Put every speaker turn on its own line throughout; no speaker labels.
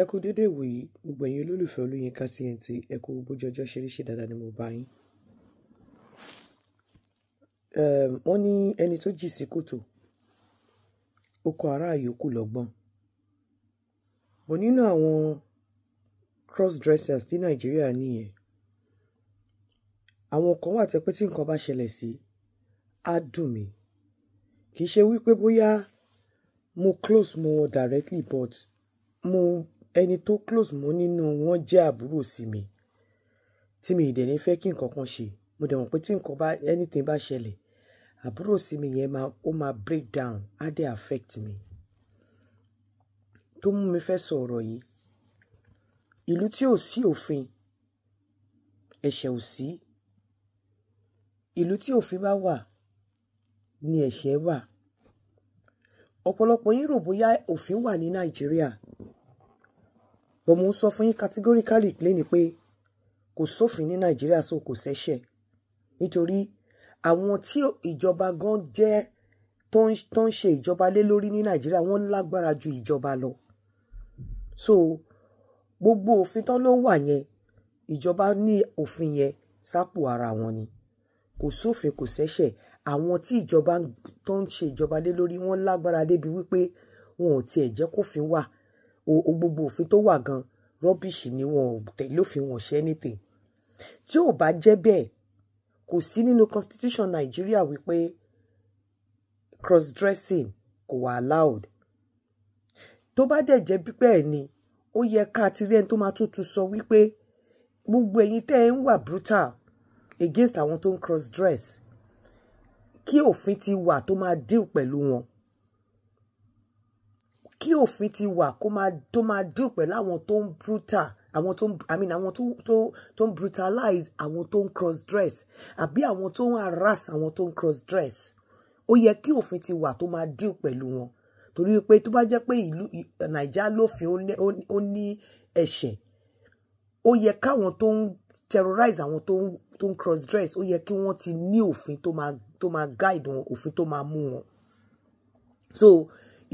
ẹ kú dédé ìwòyí gbogbo ẹ̀yin olólùfẹ́ olóyinka TNT ẹ kú bójú ọjọ́ ṣeréṣe dáadáa ni mo bá yín. wọ́n ní ẹni tó jì sí kòtò ó kọ ará yòókù lọ́gbọ́n bọ̀ nínú àwọn crossdressers ní nàìjíríà nìyẹn àwọn kan wà tẹpẹ́ tí nǹkan bá ṣẹlẹ̀ sí á dùn mí kì í ṣe wípé bóyá mo close mo directly but mo ẹni tó close mọ́ nínú wọn jẹ́ àbúrò sí mi tí mi ìdẹ̀ ní fẹ́ kí nǹkan kan ṣe mo dẹ̀ mọ̀ pé tí nǹkan bá anything bá ṣẹlẹ̀ àbúrò sí mi yẹn máa ó máa break down á dẹ̀ affect mi tó mú mi fẹ́ sọ ọ̀rọ̀ yìí ìlú tí ò sí òfin ẹ̀ṣẹ̀ ò sí ìlú tí òfin bá wà ni ẹ̀ṣẹ̀ wà ọ̀pọ̀lọpọ̀ yín rò bóyá òfin wà ní Nàìjíríà bọ́n mo ń sọ fún yín categorically léni pé kò sófin ní nàìjíríà so kò sẹ́ṣẹ̀ nítorí àwọn tí ìjọba gan jẹ́ tó ń ṣe ìjọba lé lórí ní nàìjíríà wọ́n lágbára ju ìjọba lọ so gbogbo òfin tán ló wà yẹn ìjọba ní òfin yẹn sápò ara wọn ni kò sófin kò sẹ́ṣẹ̀ àwọn tí ìjọba tó ń ṣe ìjọba lé lórí wọ́n lágbára débi wípé wọn ò tiẹ̀ jẹ́ kófin wà O, gbogbo òfin tó wà gan rọ́bìṣì ni wọn ò tẹ̀lé òfin wọn ṣe anything tí ò bá jẹ́ bẹ́ẹ̀ kò sí nínú constitution Nàìjíríà wípé crossdressing kò wà allowed tó bá dẹ̀ jẹ́ bẹ́ẹ̀ ni ó yẹ ká ti rí ẹni tó máa tó tún sọ wípé gbogbo ẹ̀yin tẹ́ ẹ ń wà brutal against àwọn tó ń crossdress kí òfin ti wà tó máa deal pẹ̀lú wọn kí òfin ti wà kó máa tó máa dùn pẹ̀lú àwọn tó ń brutal àwọn tó i mean àwọn tó tó ń brutalize àwọn tó ń cross dress àbí àwọn tó ń harass àwọn tó ń cross dress ó yẹ kí òfin ti wà tó máa dùn pẹ̀lú wọn torí pé tó bá jẹ́ pé ìlú nàìjíríà lófin ó ní ẹ̀ṣẹ̀ ó yẹ káwọn tó ń terrorize àwọn tó ń tó ń cross dress ó yẹ kí wọ́n ti ní òfin tó máa guide wọn òfin tó máa mú wọn so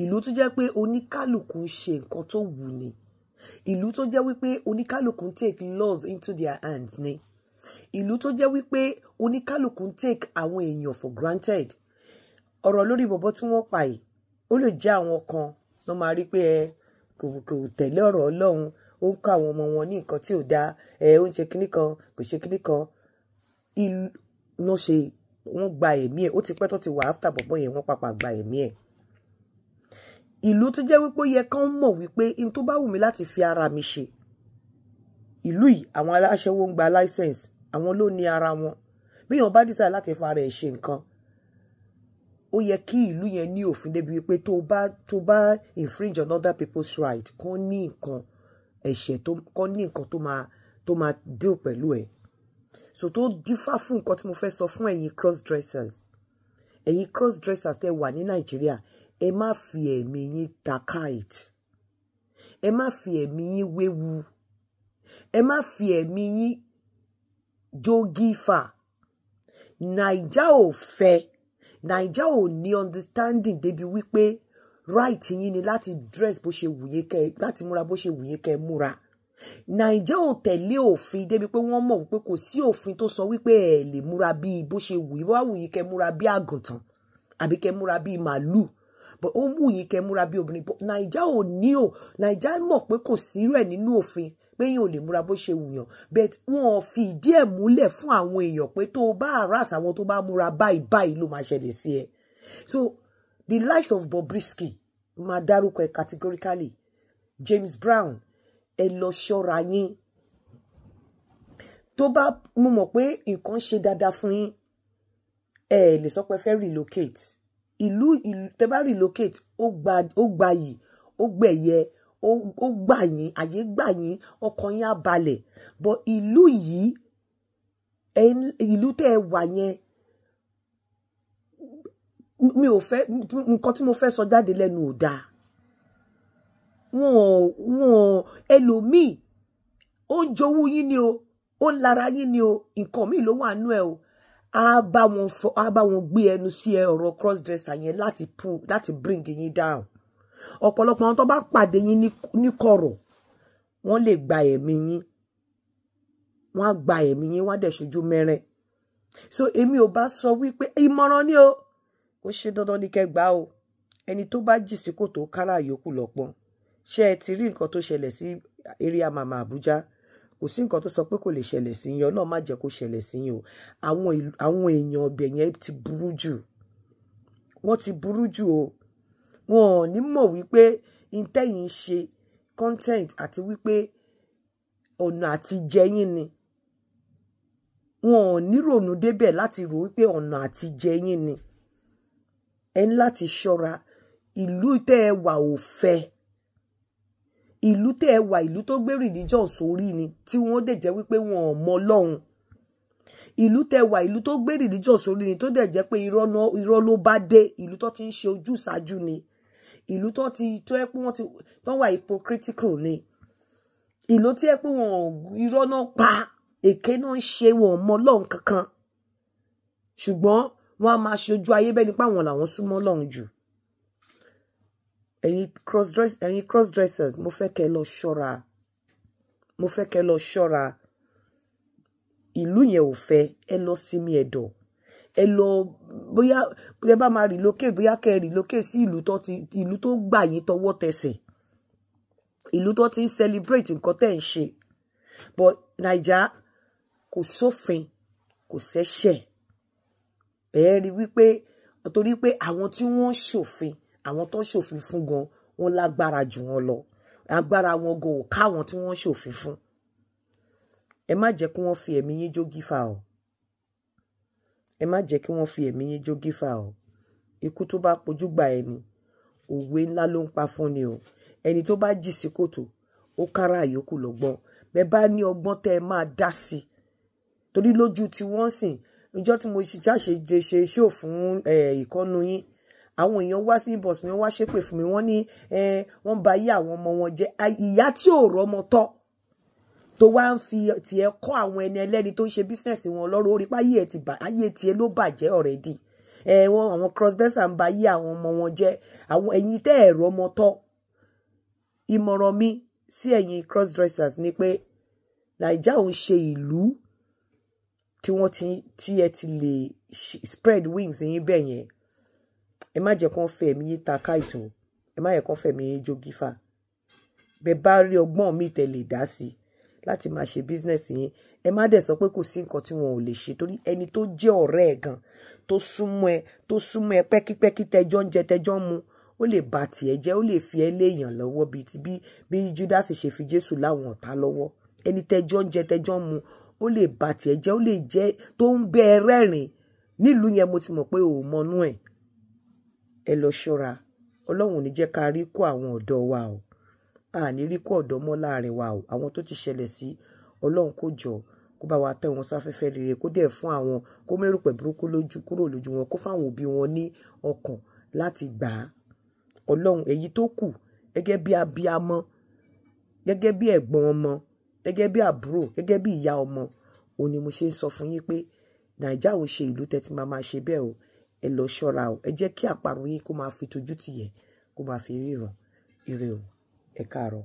ìlú tó jẹ́ pé oníkálùkù ń ṣe nǹkan tó wù ni ìlú tó jẹ́ wípé oníkálùkù take laws into their hands ni ìlú tó jẹ́ wípé oníkálùkù ń take àwọn èèyàn for granted ọ̀rọ̀ lórí bọ̀bọ̀ tí wọ́n pa yìí ó lè jẹ́ àwọn kan ló máa rí pé ẹ kò kò tẹ̀lé ọ̀rọ̀ ọlọ́run ó ń kọ́ àwọn ọmọ wọn ní nǹkan tí ò dáa ẹ ó ń ṣe kinní kan kò ṣe kinní kan ìlú ló ṣe wọ́n gba ẹ̀mí ẹ̀ ó ti pẹ́ tó ti wà áfítà bọ̀bọ̀ yẹn wọ́n pàpà gba ẹ̀mí ẹ̀ ìlú tó jẹ́ wípé ó yẹ kán mọ̀ wípé in tó bá wù mí láti fi ara mi ṣe ìlú yìí àwọn aláṣẹwó ń gba license àwọn ló ní ara wọn bíyàn bá dísà láti fara ẹ̀ ṣe nǹkan ó yẹ kí ìlú yẹn ní òfin débi wípé tó bá tó bá infringe on other people's right kán ní nǹkan ẹ̀ṣẹ̀ tó kán ní nǹkan tó máa tó máa deal pẹ̀lú ẹ̀ so tó dífá fún nǹkan tí mo fẹ́ sọ fún ẹ̀yin cross dressers ẹ̀yin cross dressers tẹ́ wà ní nàìjíríà ẹ má fi ẹ̀mí yín ta kite ẹ má fi ẹ̀mí yín wéwu ẹ má fi ẹ̀mí yín jogifa naija ò fẹ́ naija ò ní understanding débi wípé right yín ni láti dress bó ṣe wùyé kẹ láti múra bó ṣe wùyé kẹ múra naija ò tẹ̀lé òfin débi pé wọ́n mọ̀ wípé kò sí òfin tó sọ wípé ẹ lè múra bíi bó ṣe wùyí bó wá wùyí kẹ múra bíi àgùntàn àbí kẹ múra bíi màálù but ó mú yín kẹ́ múra bí obìnrin but naija ò ní o naija mọ̀ pé kò sí rẹ̀ nínú òfin pé yín ò lè múra bó ṣe wùyàn but wọn ò fi ìdí ẹ̀ múlẹ̀ fún àwọn èèyàn pé tó bá àràs àwọn tó bá múra báyìí báyìí ló máa ṣẹlẹ̀ sí ẹ so the likes of Bobrisky máa dárúkọ ẹ categorically James Brown ẹ lọ ṣọ́ra yín tó bá mo mọ̀ pé nǹkan ṣe dáadáa fún yín ẹ lè sọ pé fẹ́ relocate ìlú tẹ́ bá relocate ó gba ó gbayì ó gbẹ̀yẹ ó gbà yín àyè gbà yín ọkàn yín á balẹ̀ but ìlú yìí ìlú tẹ́ ẹ wà yẹn mi ò fẹ́ nǹkan tí mo fẹ́ sọ jáde lẹ́nu ò dáa wọn wọn ẹlòmíì ó ń jowú yín ni o ó ń lara yín ni o nǹkan míì ló wà nú ẹ o á bá wọn fọ á bá wọn gbé ẹnu sí ẹ ọ̀rọ̀ cross dresser yẹn láti pull láti bring yín down ọ̀pọ̀lọpọ̀ àwọn tó bá pàdé yín ní kọ̀rọ̀ wọ́n lè gba ẹ̀mí yín wọ́n á gba ẹ̀mí yín wọ́n á dẹ̀ ṣojú mẹ́rin so èmi ò bá sọ wípé ìmọ̀ràn ni o kò ṣe dandan ní kẹgbà o ẹni tó bá jì sí kòtò kárà yòókù lọ́pọ̀ ṣé ẹ ti rí nǹkan tó ṣẹlẹ̀ sí eré àmàmà Àbújá kò sí nǹkan tó sọ pé kò lè ṣẹlẹ̀ sí yín ọlọ́run má jẹ́ kó ṣẹlẹ̀ sí yín o àwọn èèyàn ọbẹ̀ yẹn ti burú jù wọ́n ti burú jù o wọn ò ní mọ̀ wípé intẹ́yìn ṣe content àti wípé ọ̀nà àti jẹyìn ni wọn ò ní rònú débẹ̀ láti rò wípé ọ̀nà àti jẹyìn ni ẹ ń láti ṣọ́ra ìlú tẹ́ ẹ wà ò fẹ́ ìlú tẹ́ ẹ wà ìlú tó gbé religion sórí ni tí wọ́n dẹ̀ jẹ́ wípé wọn ò mọ Ọlọ́run ìlú tẹ́ ẹ wà ìlú tó gbé religion sórí ni tó dẹ̀ jẹ́ pé irọ́ ló bá dé ìlú tó ti ń ṣe ojúsàájú ni ìlú tó ti tó ẹ pé wọ́n ti tó wà hypocritical ni ìlú tí ẹ pé wọn irọ́ náà pa èké náà ń ṣe wọn mọ Ọlọ́run kankan ṣùgbọ́n wọ́n á máa ṣojú ayé bẹ́ẹ̀ nípa làwọn súnmọ́ Ọlọ́run jù ẹ̀yin crossdress cross crossdressers mo fẹ́ kẹ́ lọ ṣọ́ra mo fẹ́ kẹ́ lọ ṣọ́ra ìlú yẹn ò fẹ́ ẹ lọ sinmi ẹ̀dọ̀ ẹ lọ bóyá bóyá bá máa relocate bóyá kẹ́ ẹ relocate sí ìlú tó ti ìlú tó gbà yín tọwọ́ tẹsẹ̀ ìlú tó ti ń celebrate nǹkan tẹ́ ń ṣe but naija kò sófin kò ṣẹ̀ṣẹ̀ ẹ rí wípé torí pé àwọn tí wọ́n ṣòfin àwọn tó ń ṣòfin fún gan wọn lágbára jù wọn lọ agbára wọn gan ò káwọn tí wọ́n ń ṣòfin fún ẹ má jẹ́ kí wọ́n fi ẹ̀mí yín jó gífà o ẹ má jẹ́ kí wọ́n fi ẹ̀mí yín jó gífà o ikú tó bá pojú gba ẹni òwe ńlá ló ń pa fún ni o ẹni tó bá jì sí kòtò ó kára àyókù lọ́gbọ́n bẹ bá ní ọgbọ́n tẹ́ ẹ máa dá sí torí lójú tí wọ́n sìn ìjọ tí mo ṣe jáṣe ṣe ṣe ṣó fún ìkọ́nu yín àwọn èèyàn wá sí inbox mi wọ́n wá ṣépè fún mi wọ́n ní wọ́n ba ayé àwọn ọmọ wọn jẹ́ ìyá tí ò rọ́mọ tọ́ tó wá ń fi tiẹ̀ kọ́ àwọn ẹni ẹlẹ́ni tó ń ṣe bísínẹ̀sì wọn lọ́rọ̀ orí pa ayé tiẹ̀ ló bàjẹ́ ọ̀rẹ́dì wọn àwọn crossdresser ń ba ayé àwọn ọmọ wọn jẹ́ àwọn ẹ̀yin tẹ́ ẹ̀ rọ́mọ tọ́ ìmọ̀ràn mi sí ẹ̀yin crossdressers ni pé nàìjà ò ń ṣe ìlú tí wọ́n ti tí ti lè spread wings yín bẹ́ẹ̀ yẹn ẹ má jẹ́ kán fẹ́ mi yé ta káìtù ẹ má yẹ kán fẹ́ mi yé jogífà bẹ́ẹ̀ bá rí ọgbọ́n mi tẹ̀lé dá sí láti máa ṣe bísínẹ́sì yẹn ẹ má dẹ̀ sọ pé kò sí nǹkan tí wọn ò lè ṣe torí ẹni tó jẹ́ ọ̀rẹ́ ẹ̀ gan tó súnmọ́ ẹ tó súnmọ́ ẹ pẹ́kípẹ́kí tẹjọ́ ń jẹ tẹjọ́ mu ó lè bà tiẹ̀ jẹ́ ó lè fi ẹ́ léèyàn lọ́wọ́ bíi ti bí bí Judas ṣe fi Jésù láwọn ọ̀tá lọ́wọ́ ẹni tẹjọ́ ń jẹ tẹjọ́ mu ó lè bà tiẹ̀ jẹ́ ó lè jẹ́ tó ń bẹ ẹ rẹ́rìn nílùú yẹn mo ti mọ̀ pé òun mọnú ẹ̀ ẹ lọ ṣọ́ra ọlọ́run ò ní jẹ́ ká rí kó àwọn ọ̀dọ́ wa o a ní rí kó ọ̀dọ́ mọ́ láàrin wa o àwọn tó ti ṣẹlẹ̀ sí ọlọ́run kò jọ kó bá wa tẹ́ wọn sáfẹ́fẹ́ rere kó dẹ̀ fún àwọn kó mẹ́rù pẹ̀ burúkú lójú kúrò lójú wọn kó fáwọn òbí wọn ní ọkàn láti gbà á ọlọ́run èyí tó kù gẹ́gẹ́ bí abiyamọ gẹ́gẹ́ bí ẹ̀gbọ́n ọmọ gẹ́gẹ́ bí àbúrò gẹ́gẹ́ bí ìyá ọmọ òun ni mo ṣe ń sọ fún yín pé nàìjíríà ṣe ìlú tẹ́tí máa máa ṣe bẹ́ẹ̀ o ẹ lọ ṣọ́ra o ẹ jẹ́ kí àparò yín kó máa fi tojú tìyẹ̀ kó máa fi ríran ire o ẹ káàárọ̀.